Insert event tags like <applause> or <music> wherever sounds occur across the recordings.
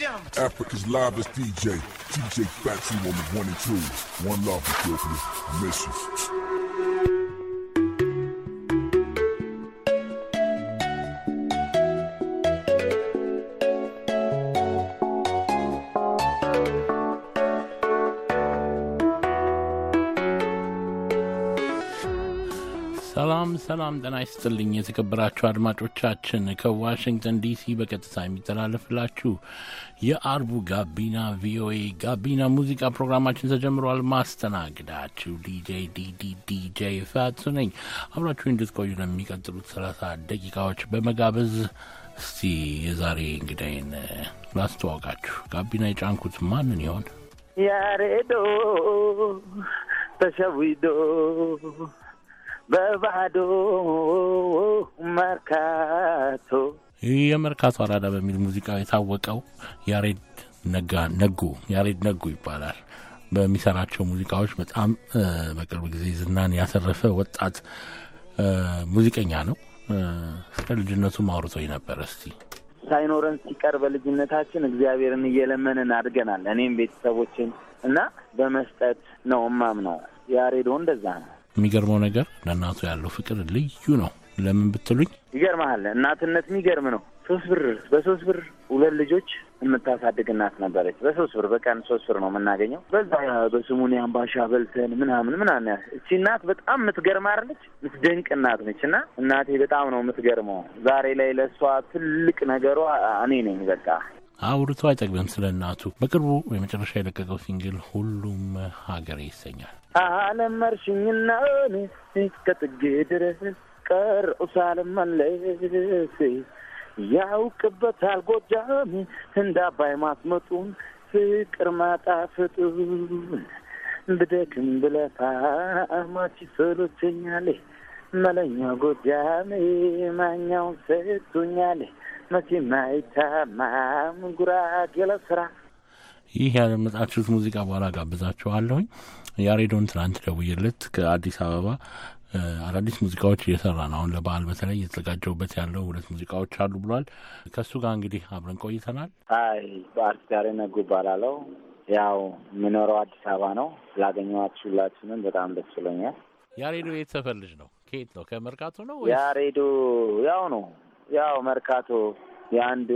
gentlemen. Africa's livest DJ, DJ Fatsy on the one and two. One love, Brooklyn. Miss you. ሰላም ጤና ይስጥልኝ የተከበራችሁ አድማጮቻችን፣ ከዋሽንግተን ዲሲ በቀጥታ የሚተላለፍላችሁ የአርቡ ጋቢና ቪኦኤ ጋቢና ሙዚቃ ፕሮግራማችን ተጀምሯል። ማስተናግዳችሁ ዲጄ ዲዲ ዲጄ ፋቱ ነኝ። አብራችሁ እንድትቆዩ ለሚቀጥሉት ሰላሳ ደቂቃዎች በመጋበዝ እስቲ የዛሬ እንግዳይን ላስተዋውቃችሁ። ጋቢና የጫንኩት ማንን ይሆን? ያሬዶ ተሸዊዶ በባዶ መርካቶ የመርካቶ አራዳ በሚል ሙዚቃ የታወቀው ያሬድ ነጋ ነጉ ያሬድ ነጉ ይባላል። በሚሰራቸው ሙዚቃዎች በጣም በቅርብ ጊዜ ዝናን ያተረፈ ወጣት ሙዚቀኛ ነው። ስለ ልጅነቱም አውርቶኝ ነበር። እስቲ ሳይኖረን ሲቀር በልጅነታችን እግዚአብሔርን እየለመንን አድገናል። እኔም ቤተሰቦችን እና በመስጠት ነው ነው ያሬዶ እንደዛ ነው። የሚገርመው ነገር ለእናቱ ያለው ፍቅር ልዩ ነው። ለምን ብትሉኝ ይገርመሃል፣ እናትነት የሚገርም ነው። ሶስት ብር በሶስት ብር ሁለት ልጆች የምታሳድግ እናት ነበረች። በሶስት ብር በቀን ሶስት ብር ነው የምናገኘው። በዛ በስሙን አምባሻ በልተን ምናምን ምናምን እቺ እናት በጣም የምትገርም አይደለች? የምትደንቅ እናት ነች። እና እናቴ በጣም ነው የምትገርመው። ዛሬ ላይ ለእሷ ትልቅ ነገሯ እኔ ነኝ በቃ አውርቶ አይጠግብም ስለ እናቱ በቅርቡ የመጨረሻ የለቀቀው ሲንግል ሁሉም ሀገሬ ይሰኛል። አለመርሽኝና ከጥጌ ድረስ ቀረሁ ሳልመለስ ያውቅበታል ጎጃም እንደ አባይ ማስመጡን ፍቅር ማጣፈጡን ብደክም ብለፋ ማች ሰሎቸኛሌ መለኛ ጎጃሜ ማኛውን ሰቶኛሌ ይህ ያደመጣችሁት ሙዚቃ በኋላ ጋብዛችኋለሁኝ። ያሬዶን ትናንት ደውዬለት ከአዲስ አበባ አዳዲስ ሙዚቃዎች እየሰራ ነው። አሁን ለበዓል በተለይ እየተዘጋጀውበት ያለው ሁለት ሙዚቃዎች አሉ ብሏል። ከእሱ ጋር እንግዲህ አብረን ቆይተናል። አይ በአርት ዛሬ ነጉ ይባላለው። ያው የምኖረው አዲስ አበባ ነው። ስላገኘኋችሁ ሁላችንም በጣም ደስ ብሎኛል። ያሬዶ የት ሰፈር ልጅ ነው? ከየት ነው? ከመርካቱ ነው? ያሬዶ ያው ነው ያው መርካቶ የአንድ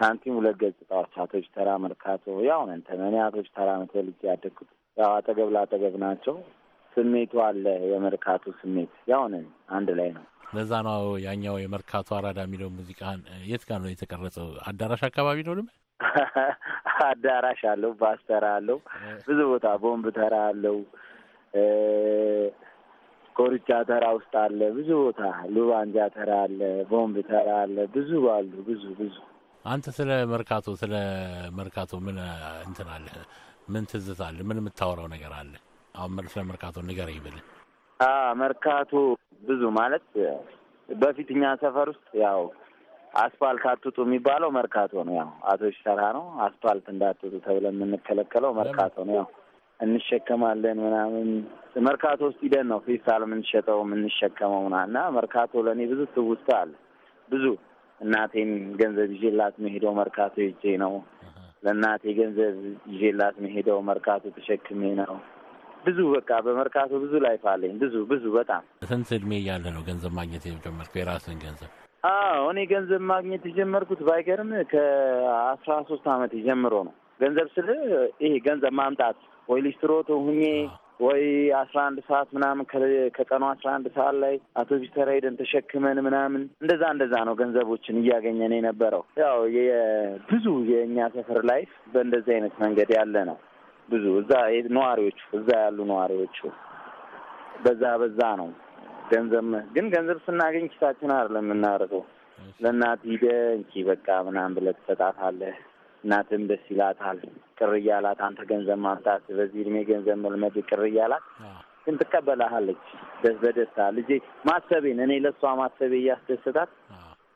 ሳንቲም ሁለት ገጽታዎች አቶች ተራ መርካቶ ያው ነን ተመኔ አቶች ተራ ነው ተወልጄ ያደግኩት። ያው አጠገብ ለአጠገብ ናቸው። ስሜቱ አለ የመርካቶ ስሜት ያው ነን አንድ ላይ ነው። ለዛ ነው ያኛው የመርካቶ አራዳ የሚለው ሙዚቃን የት ጋር ነው የተቀረጸው? አዳራሽ አካባቢ ነው ልም <laughs> አዳራሽ አለው፣ ባስ ተራ አለው፣ ብዙ ቦታ ቦምብ ተራ አለው። ኮርቻ ተራ ውስጥ አለ፣ ብዙ ቦታ ሉባንጃ ተራ አለ፣ ቦምብ ተራ አለ፣ ብዙ አሉ፣ ብዙ ብዙ። አንተ ስለ መርካቶ ስለ መርካቶ ምን እንትን አለ? ምን ትዝታ አለ? ምን የምታወራው ነገር አለ? አሁን ስለ መርካቶ ንገር ይብል። መርካቶ ብዙ ማለት በፊት እኛ ሰፈር ውስጥ ያው አስፋልት አትውጡ የሚባለው መርካቶ ነው። ያው አቶ ሽተራ ነው አስፋልት እንዳትውጡ ተብለ የምንከለከለው መርካቶ ነው። ያው እንሸከማለን ምናምን መርካቶ ውስጥ ሂደን ነው ፌስታል የምንሸጠው የምንሸከመው ና እና መርካቶ ለእኔ ብዙ ትውስታ አለ። ብዙ እናቴን ገንዘብ ይዤላት መሄደው መርካቶ ሄጄ ነው። ለእናቴ ገንዘብ ይዤላት መሄደው መርካቶ ተሸክሜ ነው። ብዙ በቃ በመርካቶ ብዙ ላይፍ አለኝ። ብዙ ብዙ በጣም ስንት እድሜ እያለ ነው ገንዘብ ማግኘት የጀመርኩ የራስን ገንዘብ? አዎ እኔ ገንዘብ ማግኘት የጀመርኩት ባይገርም ከአስራ ሶስት አመት ጀምሮ ነው። ገንዘብ ስል ይሄ ገንዘብ ማምጣት ወይ ሊስትሮቶ ሁኜ ወይ አስራ አንድ ሰዓት ምናምን ከቀኑ አስራ አንድ ሰዓት ላይ አውቶቡስ ተራ ሄደን ተሸክመን ምናምን እንደዛ እንደዛ ነው ገንዘቦችን እያገኘን የነበረው። ያው ብዙ የእኛ ሰፈር ላይፍ በእንደዚህ አይነት መንገድ ያለ ነው። ብዙ እዛ ነዋሪዎቹ እዛ ያሉ ነዋሪዎቹ በዛ በዛ ነው ገንዘብ ግን ገንዘብ ስናገኝ ኪሳችን አይደለም የምናርገው። ለእናት ሂደህ እንኪ በቃ ምናምን ብለህ ትሰጣታለህ። እናትም ደስ ይላታል፣ ቅር እያላት አንተ ገንዘብ ማምጣት በዚህ እድሜ ገንዘብ መልመድ ቅር እያላት ግን ትቀበላሃለች። በደስታ ልጄ ማሰቤን እኔ ለእሷ ማሰቤ እያስደስታት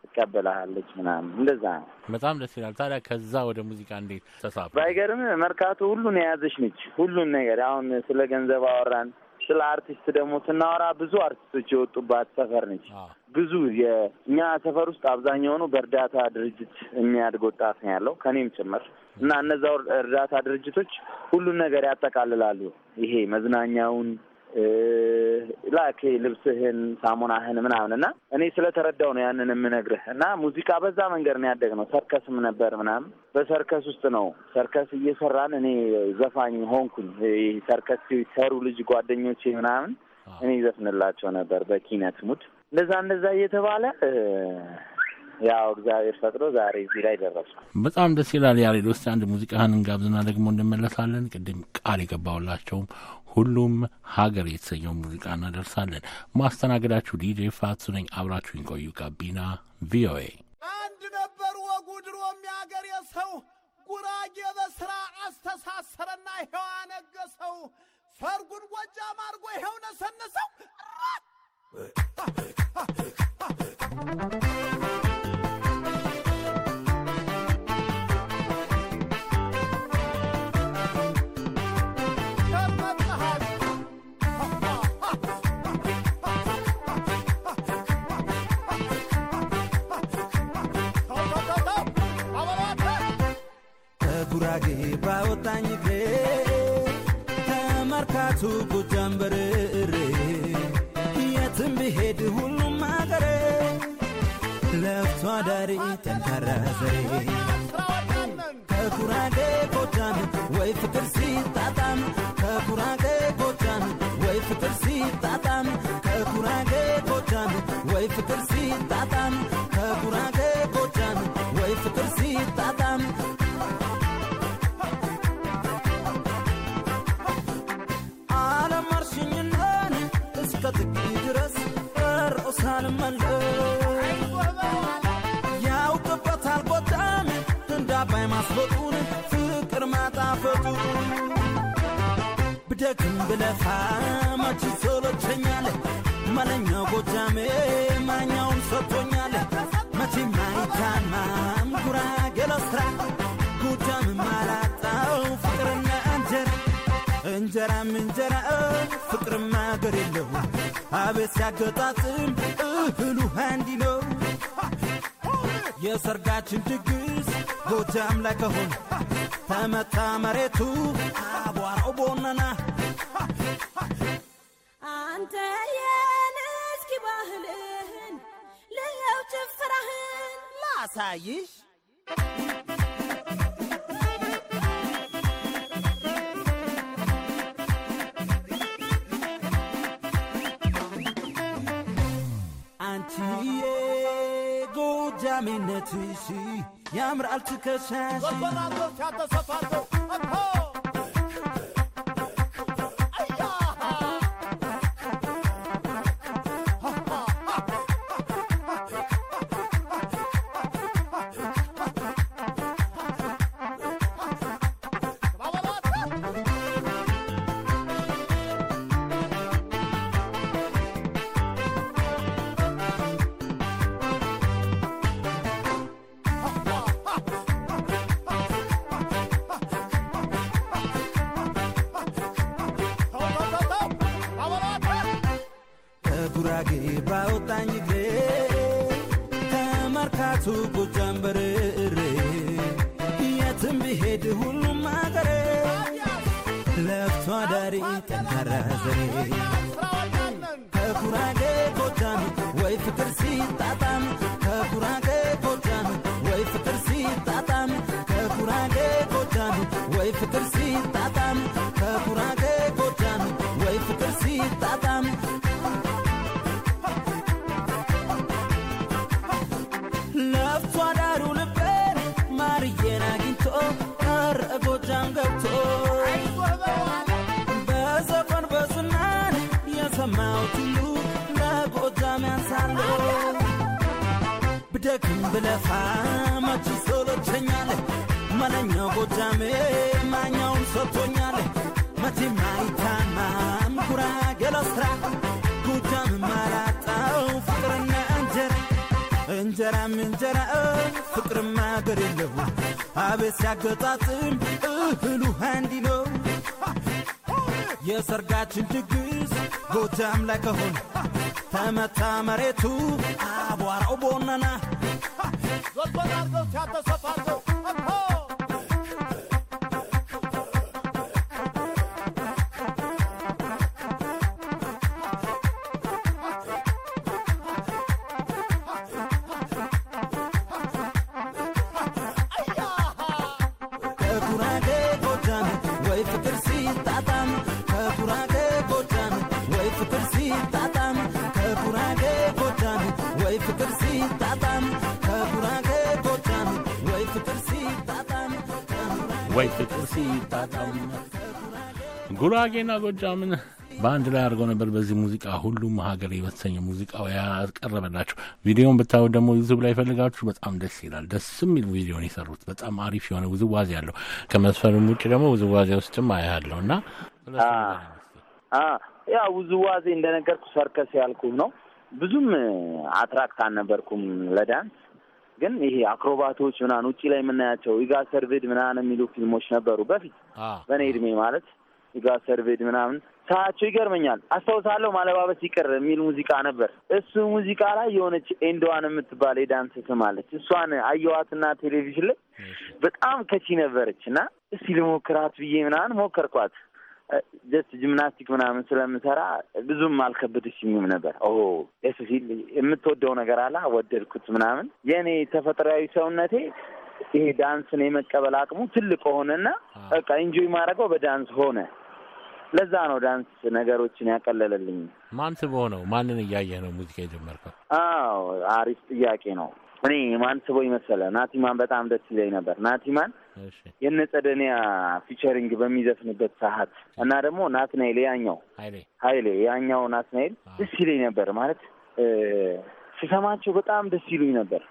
ትቀበላሃለች ምናምን እንደዛ ነው። በጣም ደስ ይላል። ታዲያ ከዛ ወደ ሙዚቃ እንዴት ተሳብ ባይገርም መርካቶ ሁሉን የያዘች ነች። ሁሉን ነገር አሁን ስለ ገንዘብ አወራን፣ ስለ አርቲስት ደግሞ ስናወራ ብዙ አርቲስቶች የወጡባት ሰፈር ነች። ብዙ የእኛ ሰፈር ውስጥ አብዛኛው ነው በእርዳታ ድርጅት የሚያድግ ወጣት ነው ያለው ከኔም ጭምር እና እነዛ እርዳታ ድርጅቶች ሁሉን ነገር ያጠቃልላሉ። ይሄ መዝናኛውን ላኬ ልብስህን፣ ሳሙናህን ምናምን እና እኔ ስለተረዳው ነው ያንን የምነግርህ እና ሙዚቃ በዛ መንገድ ነው ያደግ ነው። ሰርከስም ነበር ምናምን በሰርከስ ውስጥ ነው ሰርከስ እየሰራን እኔ ዘፋኝ ሆንኩኝ። ሰርከስ ሰሩ ልጅ ጓደኞቼ ምናምን እኔ ይዘፍንላቸው ነበር በኪነት ሙድ እንደዛ እንደዛ እየተባለ ያው እግዚአብሔር ፈጥሮ ዛሬ እዚህ ላይ ደረሱ። በጣም ደስ ይላል። ያሬድ ውስጥ አንድ ሙዚቃህን እንጋብዝና ደግሞ እንመለሳለን። ቅድም ቃል የገባውላቸውም ሁሉም ሀገር የተሰኘው ሙዚቃ እናደርሳለን። ማስተናገዳችሁ ዲጄ ፋቱ ነኝ። አብራችሁኝ ቆዩ። ጋቢና ቪኦኤ አንድ ነበር ወጉ ድሮም የአገር የሰው ጉራጌ በስራ አስተሳሰረና ሔዋ ነገሰው ሰርጉን ጎጃም አድርጎ ይኸው ነሰነሰው Kurage, bao tanya Nazareth. ዳባይ ማስበጡን ፍቅር ማጣፈጡ ብደክም ብለፋ ማች ሰለቸኛለ መለኛው ጎጃሜ ማኛውን ሰጥቶኛለ መቼም አይታማም ጉራጌ ለስራ ጎጃም ማላጣው ፍቅርና እንጀራ እንጀራም እንጀራ ፍቅርም አገር የለው አቤት ሲያገጣጥም እህሉ አንዲ ነው የሰርጋችን ድግስ ጎጃ አምላከ ሆይ ተመታ መሬቱ አቧራው ቦነና አንተ የንስኪ ባህልህን ልየው ጭፈራህን ላሳይሽ አንቺዬ አጃሚነትሽ ያምራል ትከሻሽ ልክም ብለፋ መች ሰለቸኛል መለኛው ጎጃሜ ማኛውን ሰጥቶኛል መቼ ማይታማም ጉራጌ ለስራ ጎጃም ማላጣው ፍቅርና እንጀራ እንጀራም እንጀራ ፍቅርም አገር የለው አቤት ሲያገጣጥም እህሉ አንዲ ነው የሰርጋችን ድግስ ጎጃም ላይ ከሆነ ተመታ መሬቱ አቧራው ቦነና los polacos, chatos, zapatos, ጉራጌና ጎጃምን በአንድ ላይ አድርጎ ነበር። በዚህ ሙዚቃ ሁሉም ሀገር የበተሰኘ ሙዚቃው ያቀረበላችሁ ቪዲዮን ብታዩ ደግሞ ዩቱብ ላይ ፈልጋችሁ በጣም ደስ ይላል። ደስ የሚል ቪዲዮን የሰሩት በጣም አሪፍ የሆነ ውዝዋዜ ያለው ከመስፈርም ውጭ ደግሞ ውዝዋዜ ውስጥም አያለው እና ያ ውዝዋዜ እንደነገርኩ ሰርከስ ያልኩም ነው ብዙም አትራክት አልነበርኩም ለዳንስ ግን ይሄ አክሮባቶች ምናምን ውጭ ላይ የምናያቸው ኢጋ ሰርቪድ ምናን የሚሉ ፊልሞች ነበሩ በፊት በእኔ እድሜ ማለት ኢጋ ሰርቪድ ምናምን ሳያቸው ይገርመኛል። አስታውሳለሁ ማለባበስ ይቅር የሚል ሙዚቃ ነበር። እሱ ሙዚቃ ላይ የሆነች ኤንዶዋን የምትባል የዳንስ ስም አለች። እሷን አየዋትና ቴሌቪዥን ላይ በጣም ከቺ ነበረች እና እስቲ ልሞክራት ብዬ ምናምን ሞከርኳት። ጀስት ጂምናስቲክ ምናምን ስለምሰራ ብዙም አልከበደችኝም ነበር። ኦ ደስ ሲል የምትወደው ነገር አላ ወደድኩት ምናምን። የእኔ ተፈጥሯዊ ሰውነቴ ይሄ ዳንስን የመቀበል አቅሙ ትልቅ ሆነና በቃ ኢንጆይ ማድረገው በዳንስ ሆነ። ለዛ ነው ዳንስ ነገሮችን ያቀለለልኝ። ማን ስበሆነው ማንን እያየ ነው ሙዚቃ የጀመርከው? አዎ አሪፍ ጥያቄ ነው። እኔ ማን ስቦኝ መሰለህ? ናቲማን በጣም ደስ ይለኝ ነበር። ናቲማን የነ ፊቸሪንግ በሚዘፍንበት ሰዓት እና ደግሞ ናትናኤል ያኛው ሀይሌ ያኛው ናትናኤል ደስ ይለኝ ነበር ማለት ስሰማቸው በጣም ደስ ይሉኝ ነበር።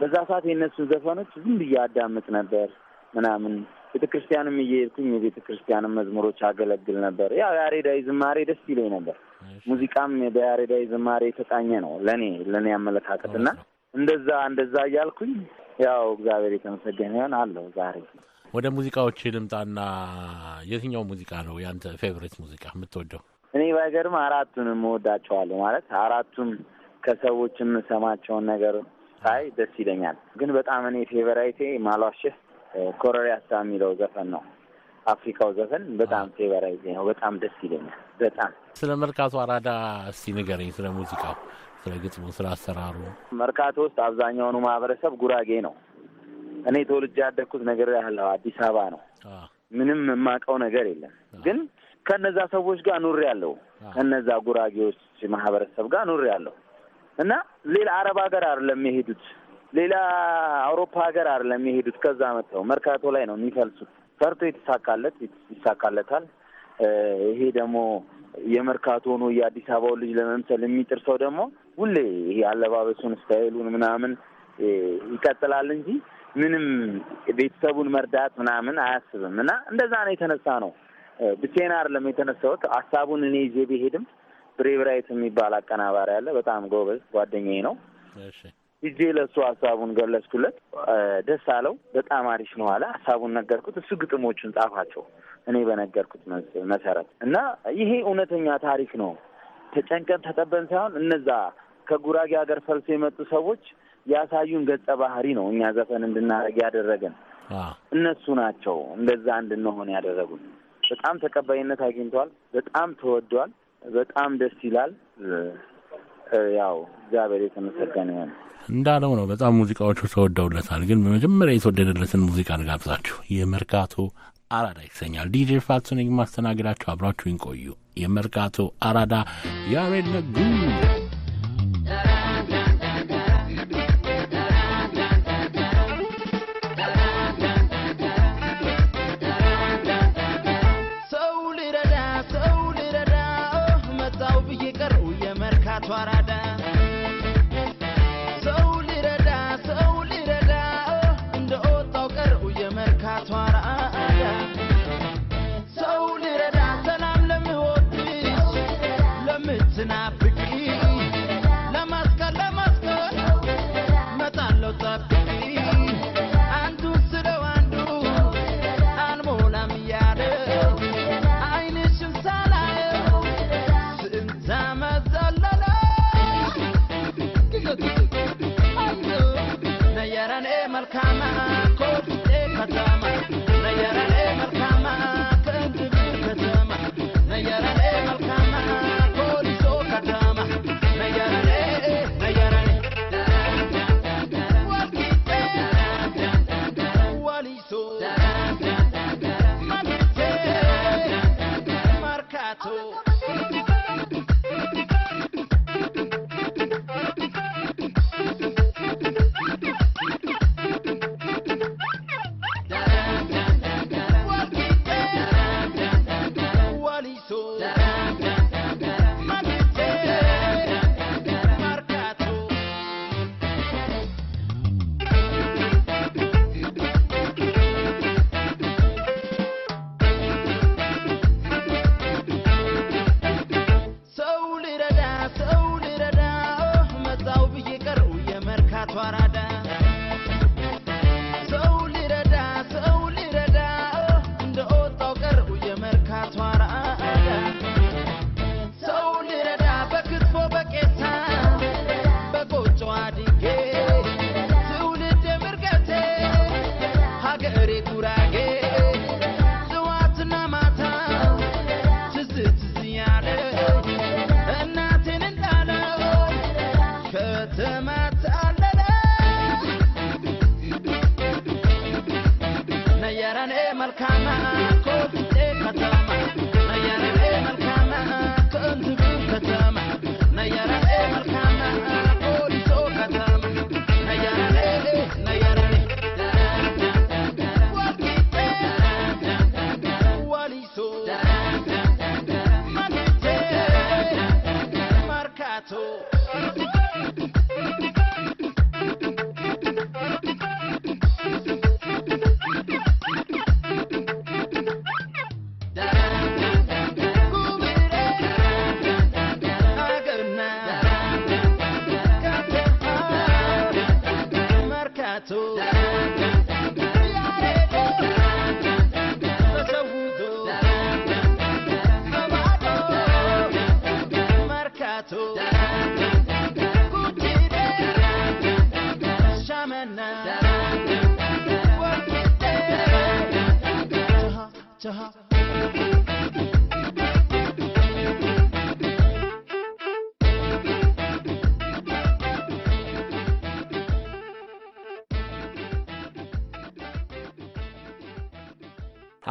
በዛ ሰዓት የእነሱን ዘፈኖች ዝም ብዬ አዳምጥ ነበር ምናምን ቤተ ክርስቲያንም እየሄድኩኝ የቤተ ክርስቲያንም መዝሙሮች አገለግል ነበር። ያው ያሬዳዊ ዝማሬ ደስ ይለኝ ነበር። ሙዚቃም በያሬዳዊ ዝማሬ የተቃኘ ነው ለእኔ ለእኔ አመለካከት እና እንደዛ እንደዛ እያልኩኝ ያው እግዚአብሔር የተመሰገነ ይሆን አለው። ዛሬ ወደ ሙዚቃዎች ልምጣና የትኛው ሙዚቃ ነው ያንተ ፌቨሬት ሙዚቃ የምትወደው? እኔ ባይገርም አራቱንም እወዳቸዋለሁ ማለት አራቱም ከሰዎች የምሰማቸውን ነገር ሳይ ደስ ይለኛል። ግን በጣም እኔ ፌቨራይቴ ማሏሽህ ኮረሪያታ የሚለው ዘፈን ነው። አፍሪካው ዘፈን በጣም ፌቨራይቴ ነው። በጣም ደስ ይለኛል። በጣም ስለ መልካቱ አራዳ እስቲ ንገረኝ ስለ ሙዚቃው ስለ ግጥሙ፣ ስለ አሰራሩ። መርካቶ ውስጥ አብዛኛውኑ ማህበረሰብ ጉራጌ ነው። እኔ ተወልጄ ያደግኩት ነገር ያህለው አዲስ አበባ ነው። ምንም የማውቀው ነገር የለም። ግን ከነዛ ሰዎች ጋር ኑር ያለው ከነዛ ጉራጌዎች ማህበረሰብ ጋር ኑር ያለው እና ሌላ አረብ ሀገር አይደለም የሄዱት፣ ሌላ አውሮፓ ሀገር አይደለም የሄዱት። ከዛ መጥተው መርካቶ ላይ ነው የሚፈልሱት። ሰርቶ የተሳካለት ይሳካለታል። ይሄ ደግሞ የመርካቶ ሆኖ የአዲስ አበባውን ልጅ ለመምሰል የሚጥር ሰው ደግሞ ሁሌ ይሄ አለባበሱን ስታይሉን ምናምን ይቀጥላል እንጂ ምንም ቤተሰቡን መርዳት ምናምን አያስብም። እና እንደዛ ነው የተነሳ ነው። ብቻዬን አይደለም የተነሳሁት። ሀሳቡን እኔ ይዤ ብሄድም ብሬብራይት የሚባል አቀናባሪ አለ፣ በጣም ጎበዝ ጓደኛዬ ነው። ይዤ ለእሱ ሀሳቡን ገለጽኩለት፣ ደስ አለው። በጣም አሪፍ ነው አለ። ሀሳቡን ነገርኩት፣ እሱ ግጥሞቹን ጻፋቸው እኔ በነገርኩት መሰረት እና ይሄ እውነተኛ ታሪክ ነው። ተጨንቀን ተጠበን ሳይሆን እነዛ ከጉራጌ ሀገር ፈልሶ የመጡ ሰዎች ያሳዩን ገጸ ባህሪ ነው እኛ ዘፈን እንድናደረግ ያደረገን። እነሱ ናቸው እንደዛ እንድንሆን ያደረጉን። በጣም ተቀባይነት አግኝቷል። በጣም ተወዷል። በጣም ደስ ይላል። ያው እግዚአብሔር የተመሰገነ ይሆን እንዳለው ነው። በጣም ሙዚቃዎቹ ተወደውለታል። ግን በመጀመሪያ የተወደደለትን ሙዚቃ ልጋብዛችሁ። የመርካቶ አራዳ ይሰኛል። ዲጄ ፋትሱን የማስተናግዳችሁ አብራችሁን ቆዩ። የመርካቶ አራዳ ያሬድ ነጉ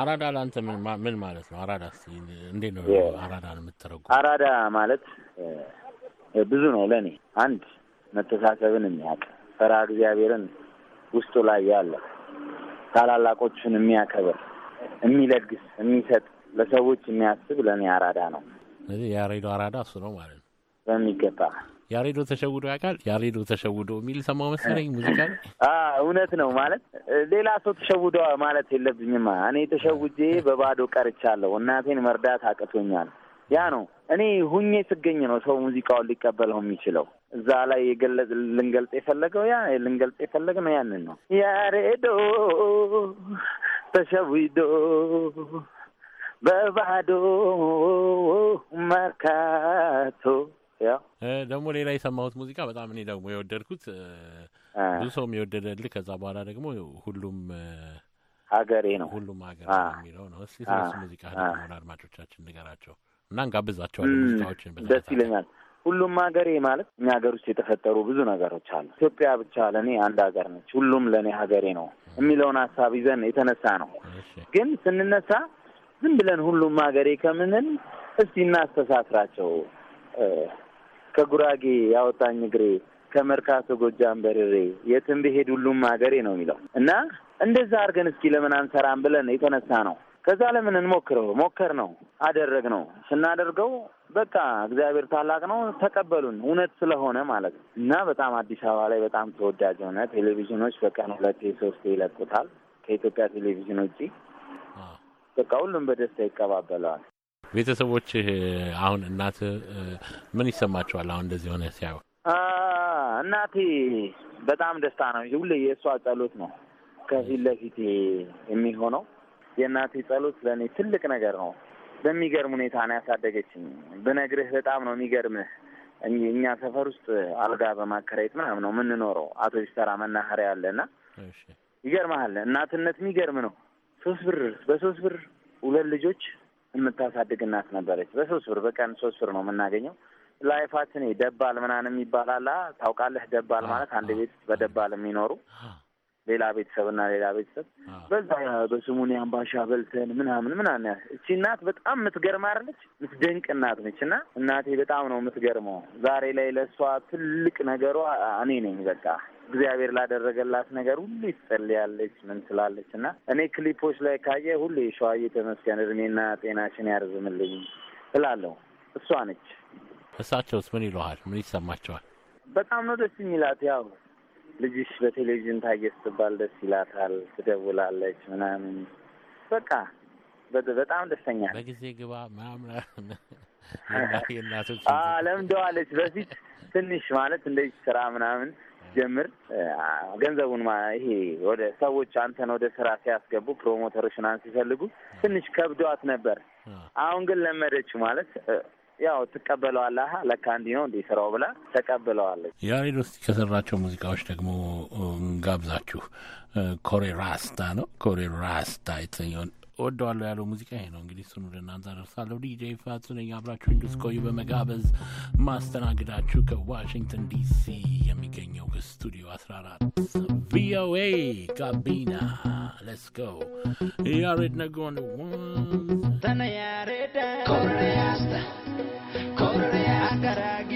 አራዳ ለአንተ ምን ማለት ነው? አራዳ እንዴት ነው አራዳ የምትረጉ? አራዳ ማለት ብዙ ነው ለእኔ። አንድ መተሳሰብን የሚያውቅ ፈራ እግዚአብሔርን ውስጡ ላይ ያለ ታላላቆችን የሚያከብር፣ የሚለግስ፣ የሚሰጥ፣ ለሰዎች የሚያስብ ለእኔ አራዳ ነው። ስለዚህ አራዳ እሱ ነው ማለት ነው በሚገባ ያሬዶ ተሸውዶ ያውቃል? ያሬዶ ተሸውዶ የሚል ሰማሁ መሰለኝ ሙዚቃ እውነት ነው ማለት ሌላ ሰው ተሸውዶ ማለት የለብኝማ። እኔ ተሸውጄ በባዶ ቀርቻለሁ። እናቴን መርዳት አቅቶኛል። ያ ነው እኔ ሁኜ ስገኝ ነው ሰው ሙዚቃውን ሊቀበለው የሚችለው። እዛ ላይ ልንገልጽ የፈለገው ያ ልንገልጽ የፈለግ ነው ያንን ነው። ያሬዶ ተሸውዶ በባዶ መርካቶ ደግሞ ሌላ የሰማሁት ሙዚቃ በጣም እኔ ደግሞ የወደድኩት ብዙ ሰውም የወደደልህ ከዛ በኋላ ደግሞ ሁሉም ሀገሬ ነው ሁሉም ሀገር የሚለው ነው። እስኪ ስለሱ ሙዚቃ ሆን አድማጮቻችን ንገራቸው እና እንጋብዛቸዋለን። ሙዚቃዎችን ደስ ይለኛል። ሁሉም ሀገሬ ማለት እኛ ሀገር ውስጥ የተፈጠሩ ብዙ ነገሮች አሉ። ኢትዮጵያ ብቻ ለእኔ አንድ ሀገር ነች፣ ሁሉም ለእኔ ሀገሬ ነው የሚለውን ሀሳብ ይዘን የተነሳ ነው። ግን ስንነሳ ዝም ብለን ሁሉም ሀገሬ ከምንል እስቲ እናስተሳስራቸው ከጉራጌ ያወጣኝ እግሬ ከመርካቶ ጎጃም በርሬ የትም ብሄድ ሁሉም ሀገሬ ነው የሚለው እና እንደዛ አድርገን እስኪ ለምን አንሰራም ብለን የተነሳ ነው። ከዛ ለምን እንሞክረው ሞከር ነው አደረግ ነው። ስናደርገው በቃ እግዚአብሔር ታላቅ ነው ተቀበሉን፣ እውነት ስለሆነ ማለት ነው እና በጣም አዲስ አበባ ላይ በጣም ተወዳጅ ሆነ። ቴሌቪዥኖች በቀን ሁለቴ ሶስቴ ይለቁታል ከኢትዮጵያ ቴሌቪዥን ውጪ በቃ ሁሉም በደስታ ይቀባበለዋል። ቤተሰቦች አሁን እናት ምን ይሰማቸዋል? አሁን እንደዚህ ሆነ ሲያዩ እናቴ በጣም ደስታ ነው። ሁሌ የእሷ ጸሎት ነው ከፊት ለፊት የሚሆነው። የእናቴ ጸሎት ለእኔ ትልቅ ነገር ነው። በሚገርም ሁኔታ ነው ያሳደገችኝ። ብነግርህ በጣም ነው የሚገርምህ። እኛ ሰፈር ውስጥ አልጋ በማከራየት ምናምን ነው የምንኖረው። አቶ ቢስተራ መናኸሪያ አለና ይገርምሃል፣ እናትነት የሚገርም ነው። ሶስት ብር በሶስት ብር ሁለት ልጆች የምታሳድግ እናት ነበረች። በሶስት ብር በቀን ሶስት ብር ነው የምናገኘው። ላይፋችን ደባል ምናን ይባላል። ታውቃለህ? ደባል ማለት አንድ ቤት በደባል የሚኖሩ ሌላ ቤተሰብ እና ሌላ ቤተሰብ በዛ በስሙን አምባሻ በልተን ምናምን ምናምን። እቺ እናት በጣም የምትገርም አይደለች? የምትደንቅ እናት ነች። እና እናቴ በጣም ነው የምትገርመው። ዛሬ ላይ ለእሷ ትልቅ ነገሯ እኔ ነኝ በቃ እግዚአብሔር ላደረገላት ነገር ሁሉ ይጸልያለች ምን ስላለች እና እኔ ክሊፖች ላይ ካየ ሁሉ የሸዋዬ ተመስገን እድሜና ጤናሽን ያርዝምልኝ እላለሁ። እሷ ነች። እሳቸውስ ምን ይለሃል? ምን ይሰማቸዋል? በጣም ነው ደስ የሚላት። ያው ልጅሽ በቴሌቪዥን ታየ ስትባል ደስ ይላታል፣ ትደውላለች ምናምን በቃ በጣም ደስተኛ በጊዜ ግባ ምናምን <laughs> ለምደዋለች። በፊት ትንሽ ማለት እንደዚህ ስራ ምናምን ጀምር ገንዘቡን ይሄ ወደ ሰዎች አንተን ወደ ስራ ሲያስገቡ ፕሮሞተሮችን ሲፈልጉ ትንሽ ከብዷት ነበር። አሁን ግን ለመደችው ማለት ያው ትቀበለዋለህ። ለካ እንዲህ ነው እንዲህ ስራው ብላ ተቀብለዋለች። ያሬድ ውስጥ ከሰራቸው ሙዚቃዎች ደግሞ ጋብዛችሁ ኮሬ ራስታ ነው ኮሬ ራስታ የተሰኘውን እወደዋለሁ ያለው ሙዚቃ ይሄ ነው። እንግዲህ እሱን ወደ እናንተ አደርሳለሁ። ዲጄ ፋቱ ነኝ። አብራችሁ እንድትቆዩ በመጋበዝ ማስተናግዳችሁ ከዋሽንግተን ዲሲ የሚገኘው ከስቱዲዮ 14 ቪኦኤ ጋቢና ሌትስ ጎ ያሬድ ነጎን ተነያሬዳ ኮሬ አስታ ኮሬ አገራጊ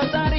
But that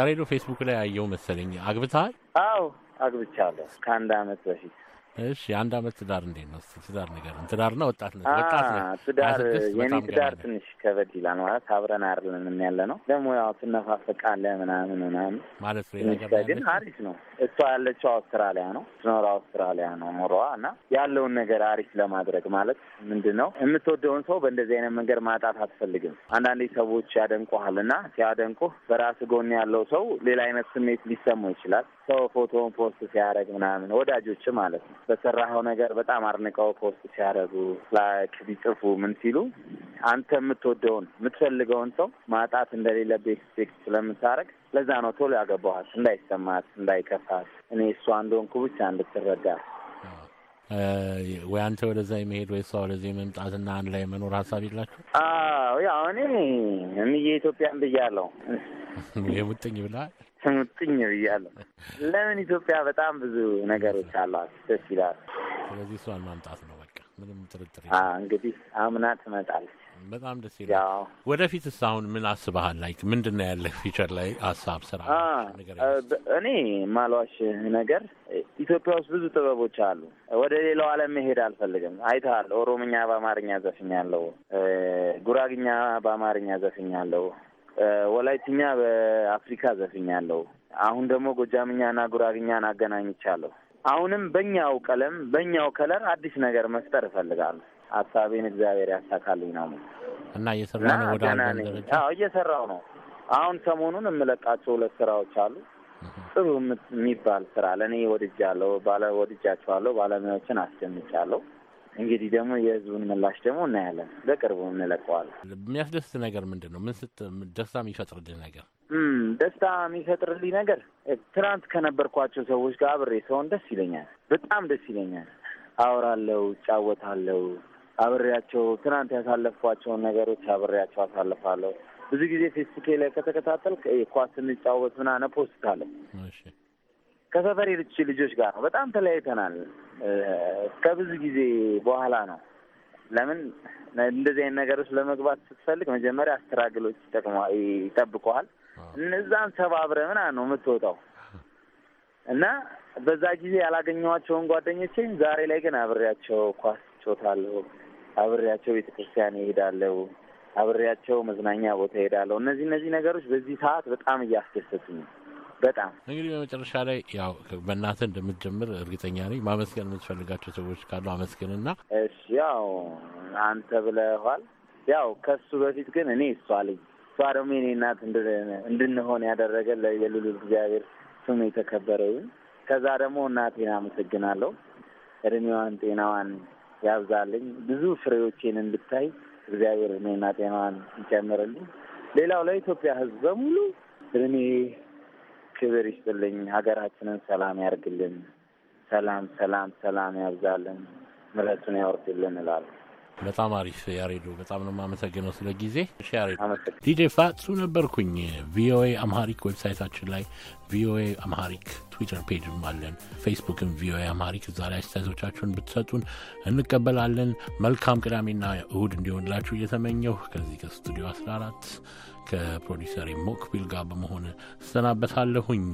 ዛሬ ነው ፌስቡክ ላይ ያየው መሰለኝ። አግብተሃል? አዎ አግብቻለሁ ከአንድ አመት በፊት እሺ የአንድ አመት ትዳር እንዴት ነው? ትዳር ነገር ትዳር ነው ወጣት ነው ወጣት ነው ትዳር የኔ ትዳር ትንሽ ከበድ ይላል ማለት አብረን አይደለንም ያለ ነው። ደግሞ ያው ትነፋፈቃለህ ምናምን ምናምን ማለት ነው። ግን አሪፍ ነው። እሷ ያለችው አውስትራሊያ ነው ትኖር አውስትራሊያ ነው ኑሮዋ እና ያለውን ነገር አሪፍ ለማድረግ ማለት ምንድን ነው የምትወደውን ሰው በእንደዚህ አይነት መንገድ ማጣት አትፈልግም። አንዳንዴ ሰዎች ያደንቁሃል እና ሲያደንቁህ በራስ ጎን ያለው ሰው ሌላ አይነት ስሜት ሊሰማው ይችላል። ሰው ፎቶውን ፖስት ሲያደርግ ምናምን ወዳጆች ማለት ነው በሰራኸው ነገር በጣም አድንቀው ፖስት ሲያደርጉ ላይክ ቢጽፉ ምን ሲሉ አንተ የምትወደውን የምትፈልገውን ሰው ማጣት እንደሌለብህ ኤክስፔክት ስለምታደርግ ለዛ ነው ቶሎ ያገባኋት እንዳይሰማት እንዳይከፋት እኔ እሷ እንደሆንኩ ብቻ እንድትረዳ ወይ አንተ ወደዛ የመሄድ ወይ እሷ ወደዚህ መምጣትና አንድ ላይ መኖር ሀሳብ የላችሁ? ያው እኔ እምዬ ኢትዮጵያን ብያለሁ። <laughs> የሙጥኝ ብላል ስምጥኝ ብያለሁ። ለምን ኢትዮጵያ በጣም ብዙ ነገሮች አሏት፣ ደስ ይላል። ስለዚህ እሷን ማምጣት ነው በቃ ምንም ጥርጥር እንግዲህ አምና ትመጣለች። በጣም ደስ ይላል። ወደፊት ስ አሁን ምን አስበሃል? ላይክ ምንድን ነው ያለህ ፊቸር ላይ ሀሳብ ስራ? እኔ ማሏሽ ነገር ኢትዮጵያ ውስጥ ብዙ ጥበቦች አሉ። ወደ ሌላው ዓለም መሄድ አልፈልግም። አይተሃል፣ ኦሮምኛ በአማርኛ ዘፍኛለሁ፣ ጉራግኛ በአማርኛ ዘፍኛለሁ ወላይትኛ በአፍሪካ ዘፍኛለሁ። አሁን ደግሞ ጎጃምኛና ጉራግኛን አገናኝቻለሁ። አሁንም በኛው ቀለም በኛው ከለር አዲስ ነገር መፍጠር እፈልጋለሁ። ሀሳቤን እግዚአብሔር ያሳካልኝ ነው እና እየሰራ ነው ወደ እየሰራው ነው። አሁን ሰሞኑን የምለቃቸው ሁለት ስራዎች አሉ። ጥሩ የሚባል ስራ ለእኔ ወድጃለሁ፣ ባለ ወድጃቸዋለሁ፣ ባለሙያዎችን አስደምጫለሁ። እንግዲህ ደግሞ የህዝቡን ምላሽ ደግሞ እናያለን። በቅርቡ እንለቀዋለን። የሚያስደስት ነገር ምንድን ነው? ምን ስት ደስታ የሚፈጥርልህ ነገር ደስታ የሚፈጥርልኝ ነገር ትናንት ከነበርኳቸው ሰዎች ጋር አብሬ ሰውን ደስ ይለኛል። በጣም ደስ ይለኛል። አወራለሁ፣ እጫወታለሁ። አብሬያቸው ትናንት ያሳለፍኳቸውን ነገሮች አብሬያቸው አሳልፋለሁ። ብዙ ጊዜ ፌስቡኬ ላይ ከተከታተል ኳስ ስንጫወት ምናምን ፖስት አለ ከሰፈር ልጅ ልጆች ጋር ነው። በጣም ተለያይተናል። ከብዙ ጊዜ በኋላ ነው። ለምን እንደዚህ አይነት ነገር ውስጥ ለመግባት ስትፈልግ መጀመሪያ አስተራግሎች ይጠብቀዋል። እነዛን ሰባብረ ምናምን ነው የምትወጣው እና በዛ ጊዜ ያላገኘኋቸውን ጓደኞቼን ዛሬ ላይ ግን አብሬያቸው ኳስ ጮታለሁ፣ አብሬያቸው ቤተ ክርስቲያን ይሄዳለሁ፣ አብሬያቸው መዝናኛ ቦታ ይሄዳለሁ። እነዚህ እነዚህ ነገሮች በዚህ ሰዓት በጣም እያስደሰቱኝ ነው። በጣም እንግዲህ በመጨረሻ ላይ ያው በእናትህ እንደምትጀምር እርግጠኛ ነኝ። ማመስገን የምትፈልጋቸው ሰዎች ካሉ አመስግንና። እሺ ያው አንተ ብለኋል። ያው ከሱ በፊት ግን እኔ እሷ ልኝ እሷ ደግሞ የኔ እናት እንድንሆን ያደረገ የልዑል እግዚአብሔር ስም የተከበረ ይሁን። ከዛ ደግሞ እናቴን አመሰግናለሁ። እድሜዋን ጤናዋን ያብዛልኝ። ብዙ ፍሬዎቼን እንድታይ እግዚአብሔር እድሜና ጤናዋን ይጨምርልኝ። ሌላው ለኢትዮጵያ ሕዝብ በሙሉ እድሜ ክብር ይስጥልኝ። ሀገራችንን ሰላም ያርግልን። ሰላም ሰላም ሰላም ያብዛልን፣ ምረቱን ያወርድልን እላሉ። በጣም አሪፍ ያሬዶ፣ በጣም ነው የማመሰግነው ስለ ጊዜ ያሬዶ፣ ዲጄ ፋጹ ነበርኩኝ። ቪኦኤ አምሃሪክ ዌብሳይታችን ላይ ቪኦኤ አምሃሪክ ትዊተር ፔጅ አለን፣ ፌስቡክም ቪኦኤ አምሃሪክ። እዛ ላይ አስተያየቶቻችሁን ብትሰጡን እንቀበላለን። መልካም ቅዳሜና እሁድ እንዲሆንላችሁ እየተመኘሁ ከዚህ ከስቱዲዮ 14 ከፕሮዲሰር ሞክቢል ጋር በመሆን እሰናበታለሁኝ።